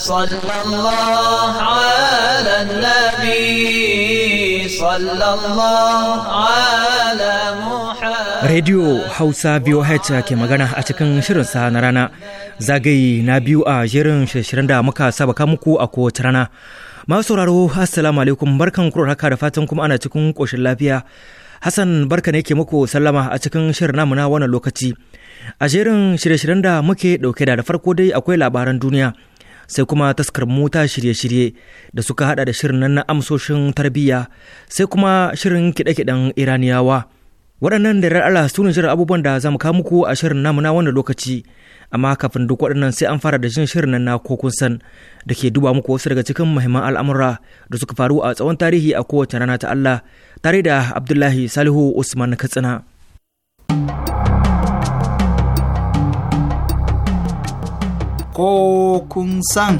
صلى الله على النبي صلى الله Radio Hausa ke magana a cikin shirinsa na rana zagaye na biyu a jerin shirin da muka sabaka muku a kowace rana. Masu sauraro, Assalamu alaikum barkan haka da fatan kuma ana cikin koshin lafiya. Hassan barka ne ke muku sallama a cikin shirin namu na wannan lokaci. A jerin shirye-shiryen da muke dauke da da farko dai akwai labaran duniya sai kuma taskar mota shirye-shirye da suka hada da shirin nan na amsoshin tarbiyya sai kuma shirin kiɗe-kiɗen iraniyawa waɗannan da Allah su ne shirin abubuwan da za mu kawo muku a shirin namu na wannan lokaci amma kafin duk waɗannan sai an fara da jin shirin nan na ko kun san da ke duba muku wasu daga cikin muhimman al'amura da suka faru a tsawon tarihi a kowace rana ta Allah tare da Abdullahi Salihu Usman Katsina. ko kun san.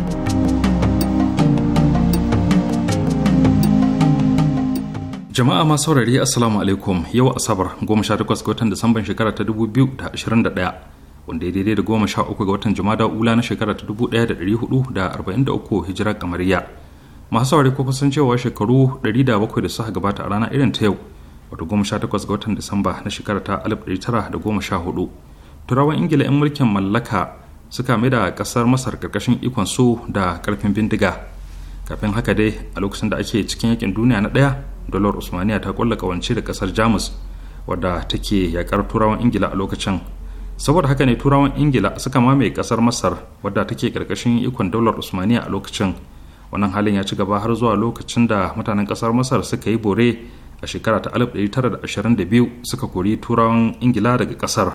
Jama'a masu saurari Assalamu alaikum yau Asabar 18 ga watan Disamban shekara ta 2021 wanda ya daidai da 13 ga watan da Ula na shekara ta 1443 hijirar kamariya. Masu saurari ko kusan cewa shekaru 107 da suka gabata a rana irin ta yau wato 18 ga watan Disamba na shekara ta 1914. Turawan Ingila 'yan mulkin mallaka suka mai da kasar masar karkashin ikon su da karfin bindiga kafin haka dai a lokacin da ake cikin yakin duniya na daya dolar usmaniya ta kulla kawance da kasar jamus wadda take yakar turawan ingila a lokacin saboda haka ne turawan ingila suka mamaye kasar masar wadda take karkashin ikon dolar usmaniya a lokacin wannan halin ya ci gaba har zuwa lokacin da mutanen kasar masar suka yi bore a shekara ta 1922 suka kori turawan ingila daga kasar.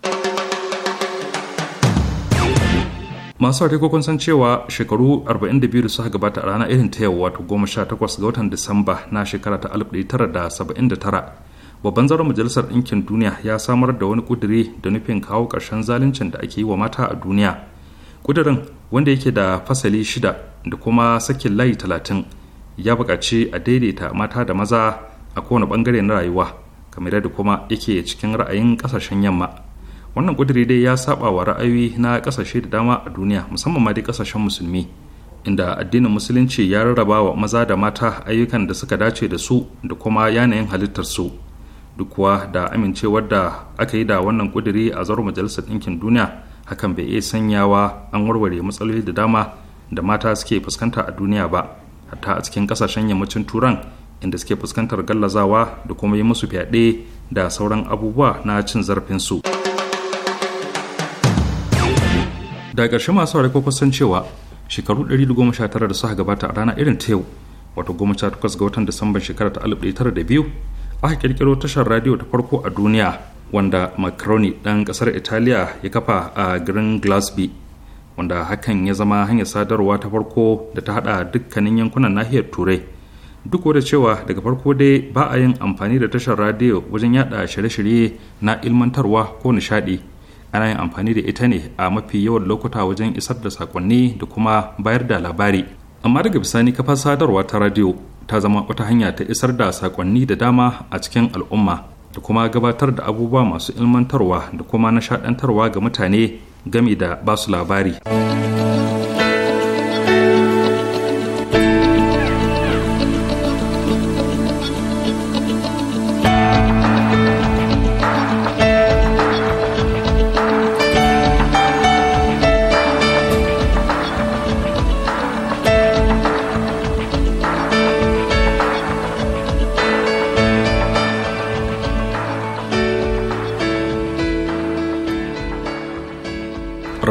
masu aure kun san cewa shekaru 42 da suka gabata a ranar irin ta yau wato 18 ga watan disamba na shekara ta 1979 babban zaron majalisar ɗinkin duniya ya samar da wani kuduri da nufin kawo ƙarshen zaluncin da ake yi wa mata a duniya ƙudirin wanda yake da fasali shida da kuma sakin layi talatin ya buƙaci a daidaita mata da maza a kowane ɓangare na rayuwa kamar da kuma yake cikin ra'ayin ƙasashen yamma wannan ƙudiri dai ya saba wa ra'ayoyi na ƙasashe da dama a duniya musamman ma dai ƙasashen musulmi inda addinin musulunci ya rarraba wa maza da mata ayyukan da suka dace da su da kuma yanayin halittar su duk kuwa da amincewar da aka yi da wannan kudiri a zaro majalisar ɗinkin duniya hakan bai iya sanyawa an warware matsaloli da dama da mata suke fuskanta a duniya ba hatta a cikin ƙasashen yammacin turan inda suke fuskantar gallazawa da kuma yi musu fyaɗe da sauran abubuwa na cin zarafinsu. da ƙarshe masu ko kusan cewa shekaru 119 da suka gabata a rana irin ta yau wato 18 ga watan disamban shekara ta da biyu aka kirkiro tashar radio ta farko a duniya wanda macaroni ɗan ƙasar italiya ya kafa a garin glasby wanda hakan ya zama hanyar sadarwa ta farko da ta hada dukkanin yankunan nahiyar turai duk da cewa daga farko dai ba a yin amfani da tashar radio wajen yada shirye-shirye na ilmantarwa ko nishadi ana yin amfani da ita ne a mafi yawan lokuta wajen isar da sakonni da kuma bayar da labari amma daga bisani kafar sadarwa ta radiyo ta zama wata hanya ta isar da sakonni da dama a cikin al'umma da kuma gabatar da abubuwa masu ilmantarwa da kuma nishadantarwa ga mutane game da basu labari.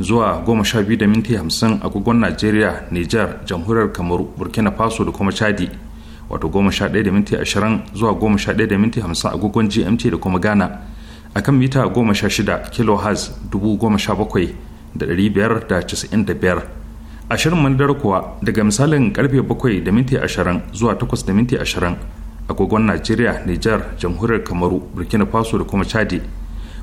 zuwa goma sha biyu da minti agogon najeriya niger jamhuriyar kamaru burkina faso da kuma chadi wato goma sha ɗaya da zuwa goma sha ɗaya da minti agogon gmt da kuma ghana akan mita goma sha shida kilohertz dubu goma sha bakwai biyar da da biyar ashirin mandar kuwa daga misalin karfe bakwai da minti ashirin zuwa takwas da minti ashirin agogon najeriya niger jamhuriyar kamaru burkina faso da kuma chadi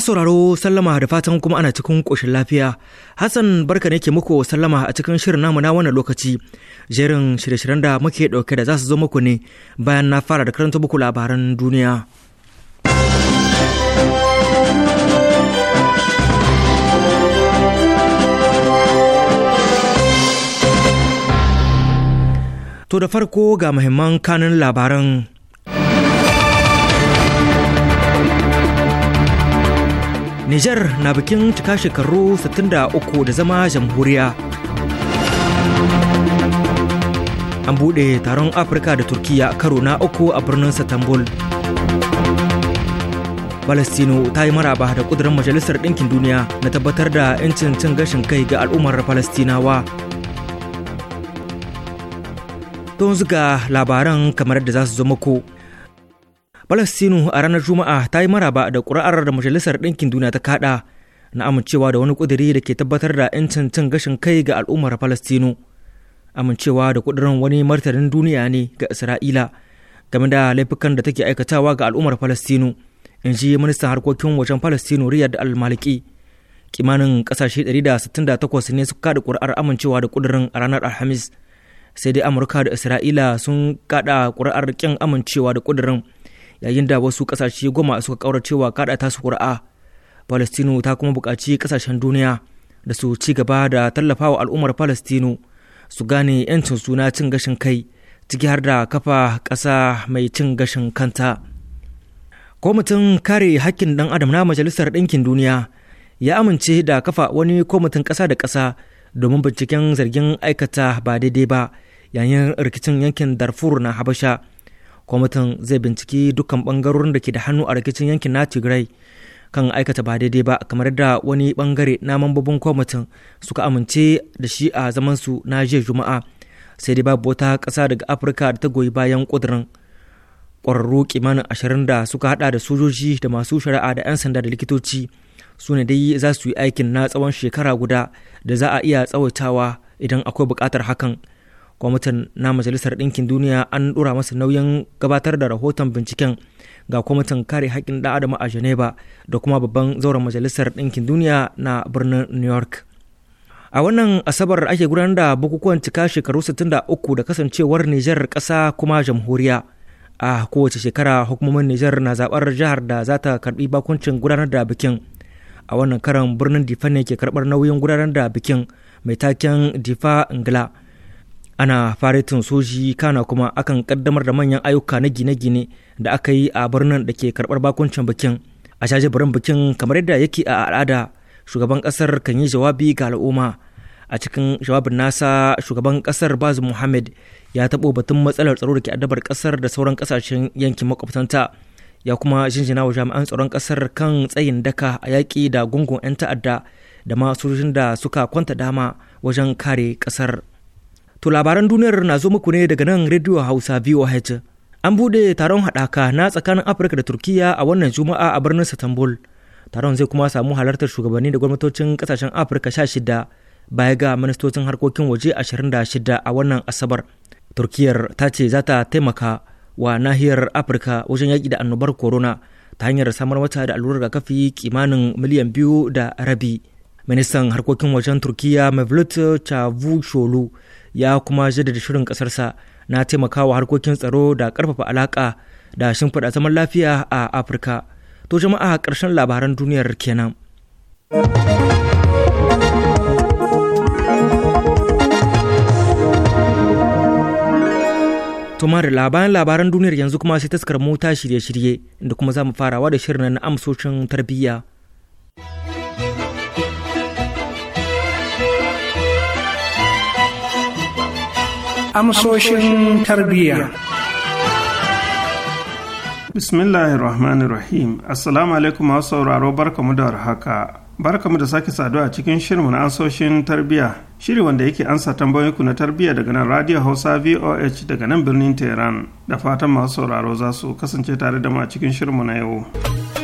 sauraro sallama da fatan kuma ana cikin ƙoshin lafiya. Hassan barka ne ke muku sallama a cikin shirin namu na wannan lokaci. Jerin shirye-shiryen da muke ɗauke da za su zo muku ne bayan na fara da karanta muku labaran duniya. To da farko ga muhimman kanin labaran Nijar na bikin cika shekaru 63 da zama jamhuriya. An buɗe taron Afirka da Turkiyya karo na uku a birnin Satambul. Falastino ta yi maraba da ƙudurin Majalisar Ɗinkin Duniya na tabbatar da 'yancin cin gashin kai ga al'ummar Falastinawa. Don zuga labaran kamar da za su zo muku. Palestinu a ranar Juma'a ta yi maraba da ƙuri'ar da Majalisar Ɗinkin Duniya ta kaɗa na amincewa da wani ƙudiri da ke tabbatar da 'yancin cin gashin kai ga al'ummar Palestinu. Amincewa da ƙudirin wani martanin duniya ne ga Isra'ila game da laifukan da take aikatawa ga al'ummar Palestinu, in ji ministan harkokin wajen Palestinu Riyad Al-Maliki. Kimanin ƙasashe 168 ne suka kaɗa ƙuri'ar amincewa da ƙudirin a ranar Alhamis, sai dai Amurka da Isra'ila sun kaɗa ƙuri'ar ƙin amincewa da ƙudirin. yayin da wasu kasashe goma suka kauracewa kada ta su ƙuri'a palestino ta kuma buƙaci kasashen duniya da su ci gaba da tallafawa al'ummar palestino su gane 'yancin suna cin gashin kai ciki har da kafa ƙasa mai cin gashin kanta kwamitin kare hakkin ɗan adam na majalisar ɗinkin duniya ya amince da kafa wani kwamitin ƙasa da ƙasa domin binciken zargin aikata ba daidai ba yayin rikicin yankin darfur na habasha kwamitin zai binciki dukkan bangarorin da ke da hannu a rikicin yankin na tigray kan aikata ba daidai ba kamar da wani bangare na mambobin kwamitin suka amince da shi a zaman su na jiya juma'a sai dai babu wata kasa daga afirka da ta goyi bayan ƙudurin ƙwararru kimanin ashirin da suka hada da sojoji da masu shari'a da 'yan sanda da likitoci su ne dai za su yi aikin na tsawon shekara guda da za a iya tsawaitawa idan akwai bukatar hakan kwamitin na majalisar ɗinkin duniya an ɗora masa nauyin gabatar da rahoton binciken ga kwamitin kare haƙƙin ɗan adam a geneva da kuma babban zauren majalisar ɗinkin duniya na birnin new york a wannan asabar ake gudanar da bukukuwan cika shekaru 63 da kasancewar nijar ƙasa kuma jamhuriya a kowace shekara hukumomin nijar na zaɓar jihar da za ta karɓi bakuncin gudanar da bikin a wannan karan birnin difa ne ke karɓar nauyin gudanar da bikin mai taken difa ngila. ana faritin soji kana kuma akan kaddamar da manyan ayyuka na gine-gine da aka yi a birnin da ke karbar bakuncin bikin a birnin bikin kamar yadda yake a al'ada shugaban kasar kan yi jawabi ga al'umma a cikin jawabin nasa shugaban kasar bazu muhammad ya taɓo batun matsalar tsaro da ke addabar kasar da sauran kasashen yankin makwabtanta ya kuma jinjina wa jami'an tsaron kasar kan tsayin daka a yaƙi da gungun 'yan ta'adda da ma sojojin da suka kwanta dama wajen kare kasar To labaran duniyar na zo muku ne daga nan Radio Hausa VOH. An bude taron haɗaka na tsakanin Afirka da Turkiya a wannan Juma'a a birnin Istanbul. Taron zai kuma samu halartar shugabanni da gwamnatocin kasashen Afirka 16 baya ga ministocin harkokin waje 26 a wannan Asabar. Turkiyar ta ce za ta taimaka wa nahiyar Afirka wajen yaƙi da annobar corona ta hanyar samar mata da allurar kafi kimanin miliyan biyu da rabi. Ministan harkokin wajen Turkiyya Mevlut Cavusoglu ya kuma jaddada shirin kasarsa na taimakawa harkokin tsaro da karfafa alaka da shimfiɗa zaman lafiya a afirka to jama'a ƙarshen labaran duniyar kenan. Tumar labaran labaran duniyar yanzu kuma sai taskar mota shirye-shirye inda kuma za mu farawa da shirin na amsoshin tarbiyya. amsoshin tarbiyya. Bismillahir Rahmanir Rahim. Assalamu alaikum masu sauraro barkamu da warhaka. Barkamu da sake saduwa a cikin shirin na amsoshin tarbiyya. Shiri wanda yake ansa tambayoyinku na tarbiyya daga nan Radio Hausa VOH daga nan birnin Tehran. Da fatan masu sauraro za su kasance tare da mu a cikin shirinmu na yau.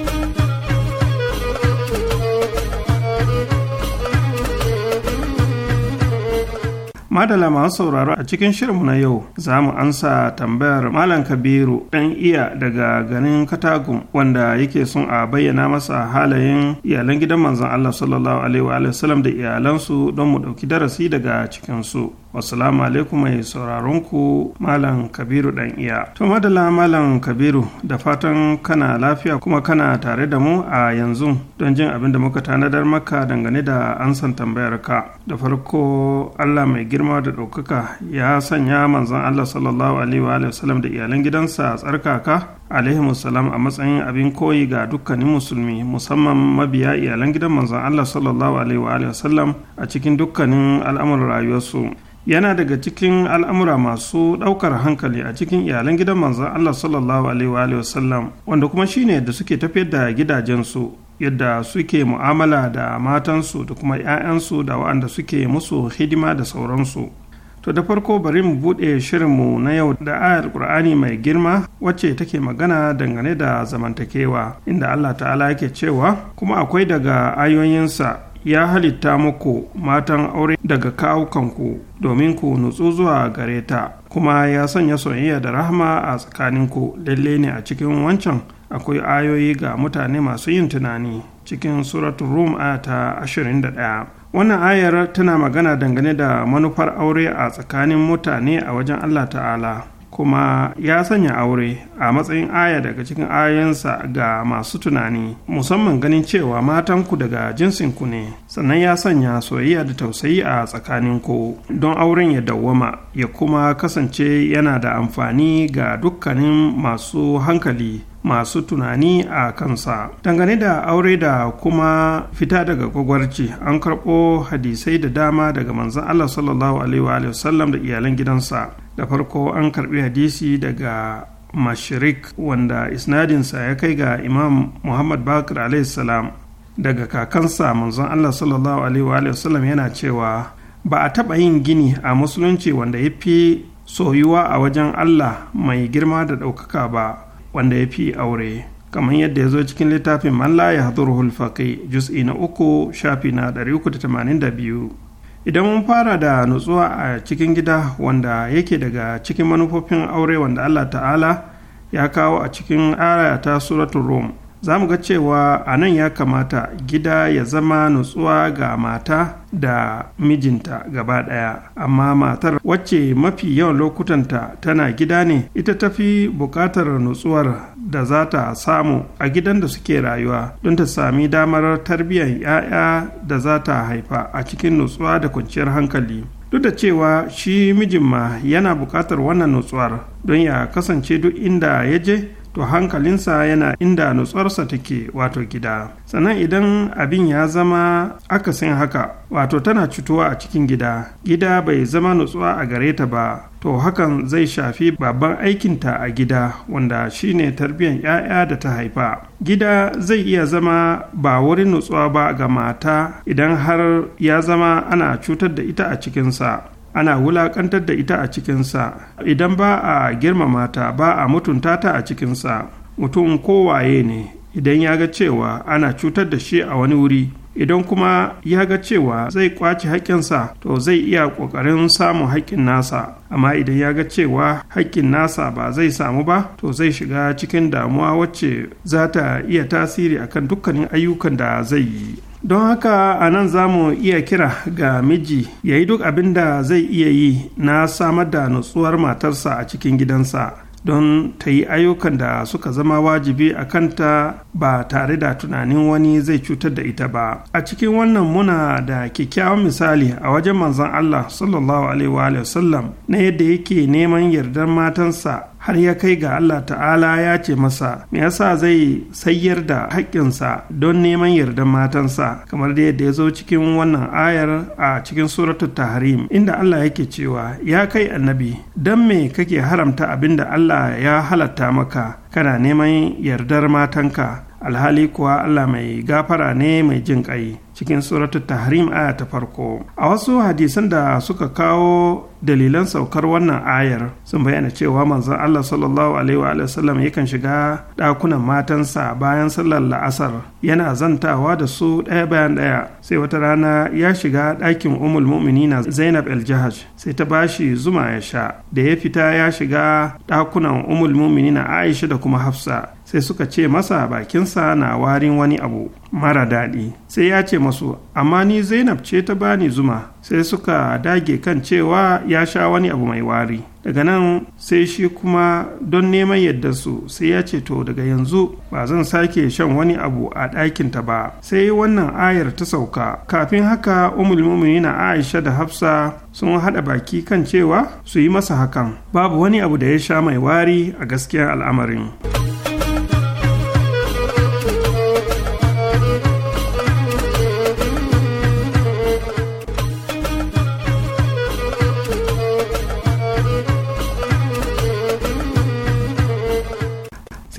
madala masu sauraro a cikin shirinmu na yau za mu ansa tambayar malam kabiru ɗan iya daga ganin katagun wanda yake son a bayyana masa halayen iyalan gidan manzon allah sallallahu alaihi wa sallam da iyalansu don mu ɗauki darasi daga cikinsu wasalamu alaikum mai sauraron ku malam kabiru ɗan iya to madala malam kabiru da fatan kana lafiya kuma kana tare da mu a yanzu don jin abin da muka tanadar maka dangane da ansan tambayar ka da farko allah mai girma da ɗaukaka ya sanya manzon Allah sallallahu alaihi wa da iyalan gidansa a tsarkaka alaihi musallam a matsayin abin koyi ga dukkanin musulmi musamman mabiya iyalan gidan manzon Allah sallallahu alaihi wa sallam a cikin dukkanin al'amuran rayuwarsu yana daga cikin al'amura masu ɗaukar hankali a cikin iyalan gidan manzon Allah sallallahu alaihi wa sallam wanda kuma shine da suke tafiyar da gidajensu yadda suke mu'amala da matansu da kuma 'ya'yansu da wa'anda suke musu hidima da sauransu to da farko bari mu buɗe shirinmu na yau da ayar ƙur'ani mai girma wacce take magana dangane da zamantakewa inda allah ta'ala yake cewa kuma akwai daga ayoyinsa ya halitta muku matan aure daga kawukanku domin ku nutsu zuwa gareta. kuma ya sanya soyayya da rahama a tsakaninku lalle ne a cikin wancan akwai ayoyi ga mutane masu yin tunani cikin suratul rum a ta ashirin da 21 wannan ayar tana magana dangane da manufar aure a tsakanin mutane a wajen allah ta'ala kuma ya sanya aure a matsayin aya daga cikin ayansa ga masu tunani musamman ganin cewa matanku daga jinsinku ne sannan ya sanya soyayya da tausayi a tsakaninku don auren ya dawwama ya kuma kasance yana da amfani ga dukkanin masu hankali masu tunani a kansa dangane da aure da kuma fita daga gwagwarci an karɓo hadisai da dama daga manzan allah sallallahu alaihi wa sallam da iyalan gidansa da farko an karbi hadisi daga Mashrik wanda isnadinsa ya kai ga imam muhammad bakir salam daga kakansa manzon allah sallallahu alaihi wasallam yana cewa ba a taɓa yin gini a musulunci wanda ya fi soyuwa a wajen allah mai girma da ɗaukaka ba wanda ya fi aure kamar yadda ya zo cikin littafin man la ya juz'i na uku shafi na 382 idan mun fara da nutsuwa a cikin gida wanda yake daga cikin manufofin aure wanda allah ta'ala ya kawo a cikin ta suratun rome. za mu ga cewa a nan ya kamata gida ya zama nutsuwa ga mata da mijinta gaba ɗaya amma matar wacce mafi yawan lokutanta tana gida ne ita tafi buƙatar nutsuwar da za ta samu a gidan da suke rayuwa don ta sami damar tarbiyyar 'ya'ya da za ta haifa a cikin nutsuwa da kwanciyar hankali duk da cewa shi mijin ma yana buƙatar wannan nutsuwar don ya kasance duk inda ya je to hankalinsa yana inda nutsuwarsa take wato gida sannan idan abin ya zama akasin haka wato tana cutuwa a cikin gida gida bai zama nutsuwa a gare ta ba to hakan zai shafi babban aikinta a gida wanda shine tarbiyyar 'ya'ya da ta haifa gida zai iya zama ba wurin nutsuwa ba ga mata idan har ya zama ana cutar da ita a cikinsa ana wulaƙantar da ita a cikinsa idan ba a girmama ta ba a mutunta ta a cikinsa mutum kowaye ne idan ya ga cewa ana cutar da shi a wani wuri idan kuma ya ga cewa zai kwaci haƙƙinsa to zai iya ƙoƙarin samun haƙƙin nasa amma idan ya ga cewa haƙƙin nasa ba zai samu ba to zai shiga cikin damuwa wacce za ta iya tasiri akan dukkanin ayyukan da zai yi don haka a nan za mu iya kira ga miji ya yi duk abin da zai iya yi na samar da nutsuwar matarsa a cikin gidansa don ta yi ayyukan da suka zama wajibi a kanta ba tare da tunanin wani zai cutar da ita ba a cikin wannan muna da kyakkyawan misali a wajen manzon Allah sallallahu alaihi wasallam na yadda yake neman yardar matansa har ya kai ga Allah ta'ala ya ce masa me yasa zai sayar da haƙƙinsa don neman yardan matansa kamar da yadda ya zo cikin wannan ayar a cikin suratu tahrim inda Allah yake cewa ya kai annabi don me kake haramta abin da Allah ya halatta maka kana neman yardar matanka alhali kuwa Allah mai gafara ne mai jin ƙai cikin suratul tahrim aya ta farko a wasu hadisan da suka kawo dalilan saukar wannan ayar sun bayyana cewa manzon Allah sallallahu alaihi wa sallam yakan shiga ɗakunan matansa bayan sallar la'asar yana zantawa da su ɗaya bayan ɗaya sai wata rana ya shiga ɗakin umul mu'minina Zainab el jahaj sai ta bashi zuma ya sha da ya fita ya shiga ɗakunan umul mu'minina Aisha da kuma Hafsa sai suka ce masa bakinsa na warin wani abu mara daɗi sai ya ce masu amma ni zainab ce ta bani zuma sai suka dage kan cewa ya sha wani abu mai wari daga nan sai shi kuma don neman yadda su sai ya ce to daga yanzu ba zan sake shan wani abu a ɗakinta ba sai wannan ayar ta sauka kafin haka umul na aisha da hafsa sun haɗa baki kan cewa su yi masa hakan babu wani abu da ya sha mai wari a gaskiyar al'amarin.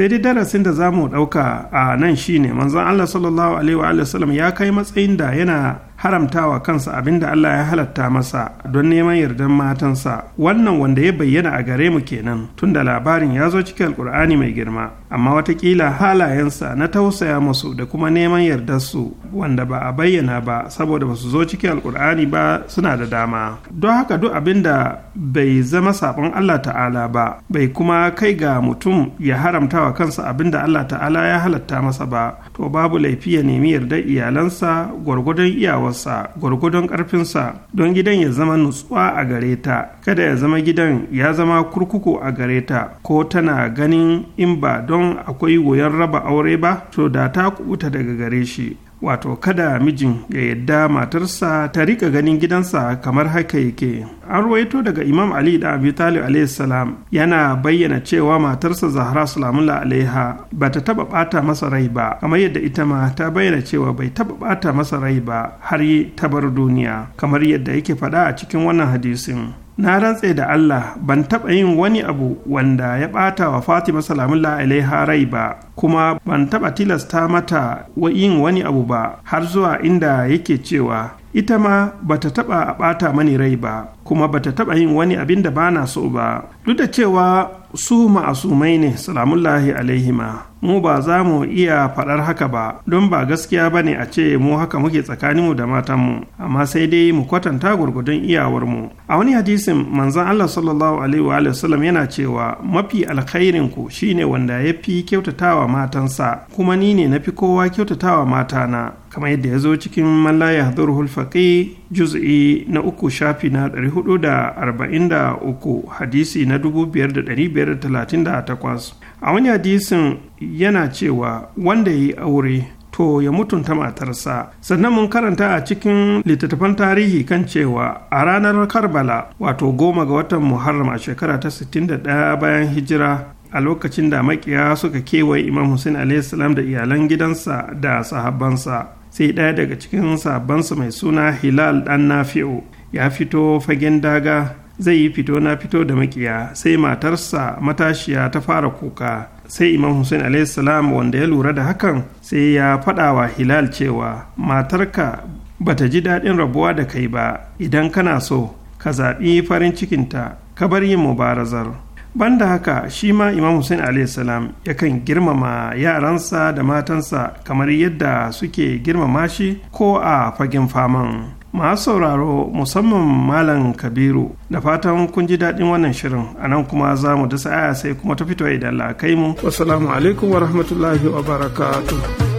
sai dai darasin da za mu ɗauka a nan shine manzon Allah sallallahu alaihi wa sallam ya kai matsayin da yana haramtawa kansa abin da Allah ya halatta masa don neman yardan matansa wannan wanda ya bayyana a gare mu kenan tun da labarin ya zo cikin alkur'ani mai girma amma watakila halayensa na tausaya musu da kuma neman yardar su wanda ba a bayyana ba saboda ba su zo cikin alkur'ani ba suna da dama don haka duk abin da bai zama sabon Allah ta'ala ba bai kuma kai ga mutum ya haramtawa kansa abin da Allah ta'ala ya halatta masa ba to babu laifi ya nemi yardar iyalansa gwargwadon iyawa iyawarsa gwargwadon ƙarfinsa don gidan ya zama nutsuwa a gare ta kada ya zama gidan ya zama kurkuku a gare ta ko tana ganin in ba don akwai goyon raba aure ba to da ta kubuta daga gare shi wato kada mijin ya yadda matarsa ta rika ganin gidansa kamar haka yake an ruwaito daga imam ali da abu talib salam yana bayyana cewa matarsa zahra salamullah alaiha ba ta taba bata masa rai ba kamar yadda ita ma ta bayyana cewa bai taba bata masa rai ba har ta bar duniya kamar yadda yake faɗa a cikin wannan hadisin na rantse da Allah ban taɓa yin wani abu wanda ya ɓata wa Fatima salamullah alaiha rai ba kuma ban taɓa tilasta mata yin wani abu ba har zuwa inda yake cewa ita ma bata taɓa a ɓata mani rai ba kuma bata taɓa yin wani abin da ba na so ba duk da cewa su ma'asumai ne salamullahi alaihima mu ba za mu iya faɗar haka ba don ba gaskiya ba ne a ce mu haka muke tsakaninmu da matanmu amma sai dai mu kwatanta gwargwadon iyawarmu a wani hadisin manzan allah sallallahu alaihi wa sallam yana cewa mafi alkhairin ku shine wanda ya fi kyautatawa matansa kuma ni ne na fi kowa kyautatawa matana kamar yadda ya zo cikin mallaya dhurhul faqih juz'i na uku shafi na 443 hadisi na 5538 a wani hadisin yana cewa wanda ya yi aure to ya mutunta matarsa sannan mun karanta a cikin littattafan tarihi kan cewa a ranar karbala wato goma ga watan muharram a shekara ta 61 bayan hijira a lokacin da maƙiya suka kewaye imam hussein a.s. da iyalan gidansa da sahabbansa sai ɗaya daga cikin sabonsa mai suna hilal ɗan nafi'u ya fito fagen daga zai yi fito na fito da makiya sai matarsa matashiya ta fara kuka sai imam hussein salam wanda ya lura da hakan sai ya faɗa wa hilal cewa matarka bata ji daɗin rabuwa da kai ba idan kana so ka zaɓi farin cikinta ka bar yin mubarazar banda haka shi ma imam hussein salam yakan girmama yaransa da matansa kamar yadda suke girmama shi ko a fagen faman masu sauraro musamman malam kabiru da fatan kun ji daɗin wannan shirin a nan kuma za mu dasa aya sai kuma ta fito idan la kai mu wasu alaikum wa rahmatullahi wa barakatuh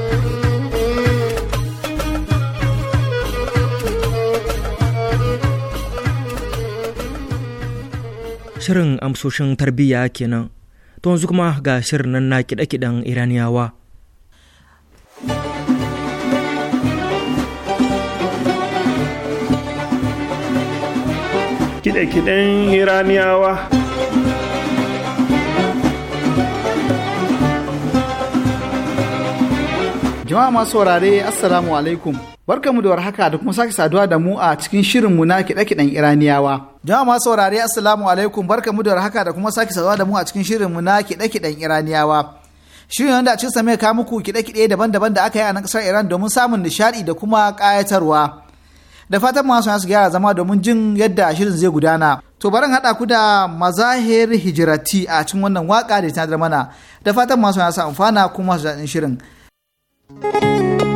Shirin amsoshin tarbiyya kenan. To yanzu kuma ga shirin nan na kiɗe-kiɗen Iraniyawa. Kiɗe-kiɗen Iraniyawa. Jama'a masu saurare Assalamu alaikum. barkanmu da warhaka da kuma sake saduwa da mu a cikin shirinmu na kiɗe-kiɗen Iraniyawa. Jama'a masu saurare Assalamu alaikum barkamu da warhaka da kuma sake saduwa da mu a cikin shirinmu na kiɗe-kiɗen Iraniyawa. Shirin wanda a cikin same ka muku kiɗe-kiɗe daban-daban da aka yi a nan ƙasar Iran domin samun nishaɗi da kuma ƙayatarwa. Da fatan masu su gyara zama domin jin yadda shirin zai gudana. To barin haɗa ku da mazahir hijirati a cikin wannan waka da ta mana. Da fatan masu su amfana kuma su daɗin shirin. you.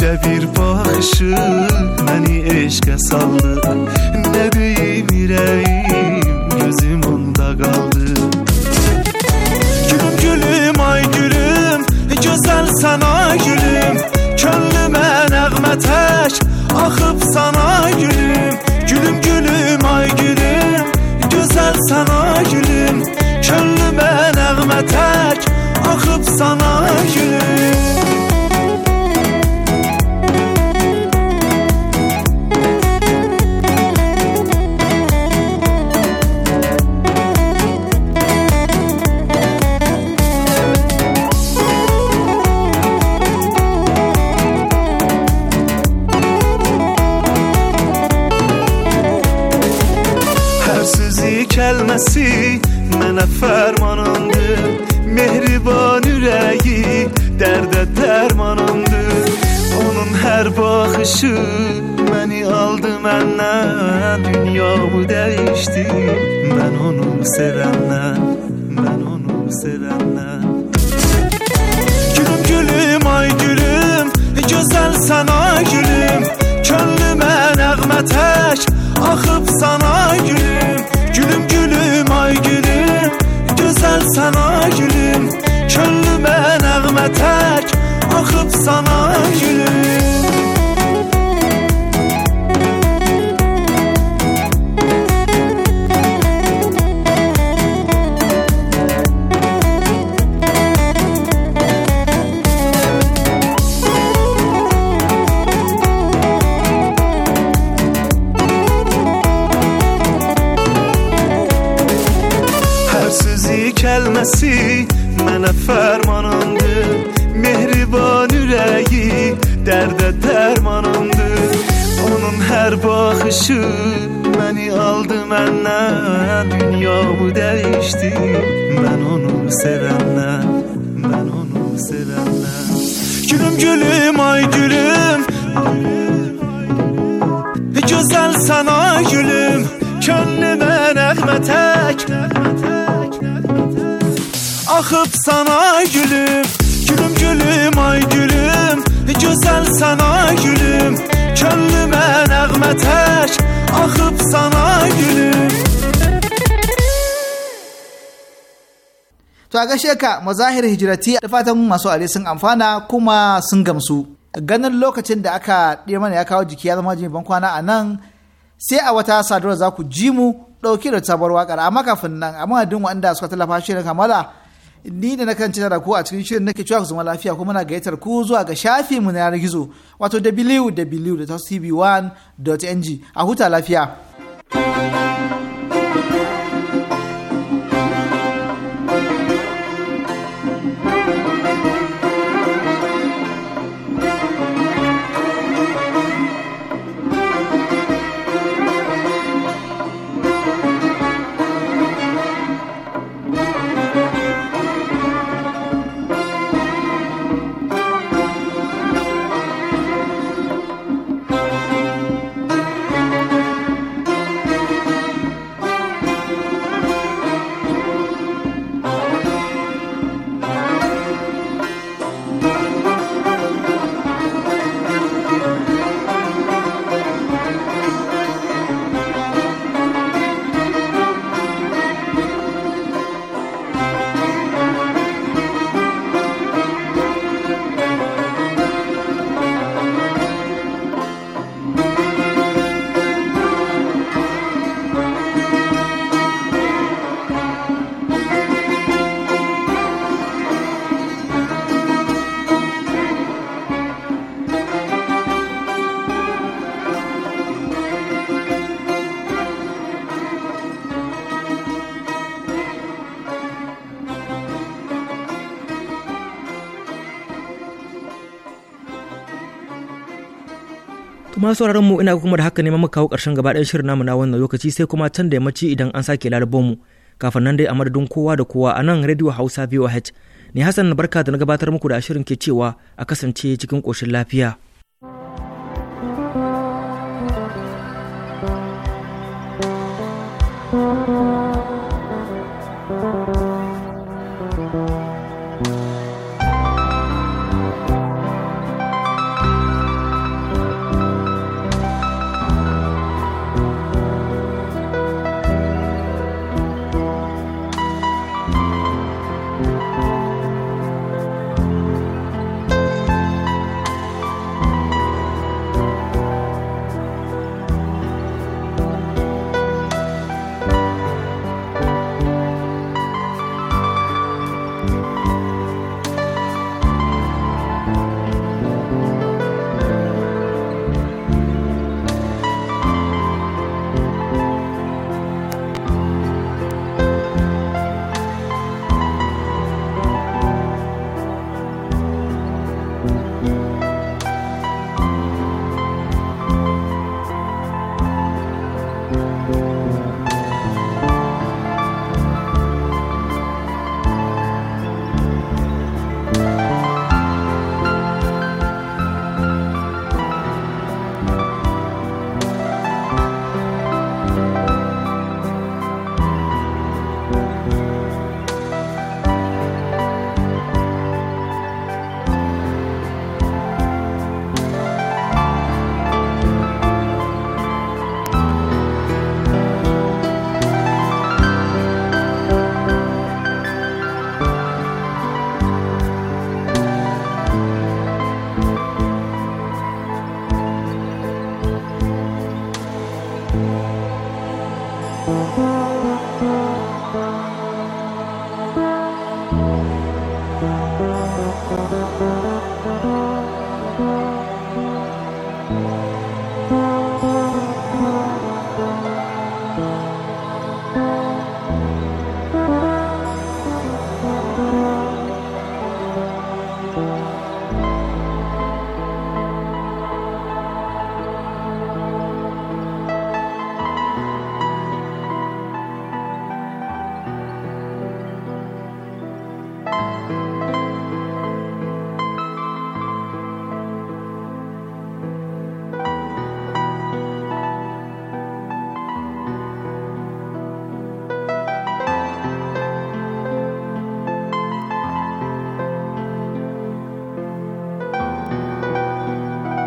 Çevir bir beni məni hani eşqə saldı Nə deyim ürəyim, gözüm onda kaldı. Gül gülüm, ay gülüm, güzel sana gülüm Könlümə nəğmə tək, axıb sana gülüm Gülüm gülüm, ay gülüm, güzel sana gülüm Könlümə nəğmə tək, axıb sana gülüm bilməsi mənə fərmanındır Mehriban ürəyi dərdə dərmanımdır Onun hər baxışı məni aldı məndən Dünyamı dəyişdi mən onu sevəndən Mən onu sevəndən Gülüm gülüm ay gülüm Gözəl sən gülüm Könlümə nəğmə tək Axıb sana Gəl sənə gülüm, könlümə nəğmə tək Axıb sənə gülüm kəlməsi mənə fərmanındır Mehriban ürəyi dərdə dərmanındır Onun hər baxışı məni aldı məndən Dünyamı dəyişdi mən onu sevəndən Mən onu sevəndən Gülüm gülüm ay gülüm Gözəl sənə gülüm Könlümə nəğmə tək bakıp sana gülüm Gülüm gülüm ay gülüm Güzel sana gülüm Könlüme nəğmə tək Axıb sana gülüm To a gashe ka mazahir hijirati da fatan masu aure sun amfana kuma sun gamsu. Ganin lokacin da aka ɗi mana ya kawo jiki ya zama jimi kwana a nan sai a wata sadarwa za ku ji mu ɗauki da sabuwar waƙar amma kafin nan amma duk suka tallafa shirin kamala ni da na kan da ku a cikin shirin nake cewa ku zama lafiya kuma na gayyatar ku zuwa ga shafi mu na yanar gizo wato www.tv1.ng a huta lafiya. masu sauraron mu ina kuma da haka ne muka kawo karshen gaba ɗayan shirin namu na wannan lokaci sai kuma can da yammaci idan an sake lalubo mu kafin nan dai a madadin kowa da kowa a nan rediyo Hausa VOH ne Hassan barka da na gabatar muku da shirin ke cewa a kasance cikin koshin lafiya. Thank you.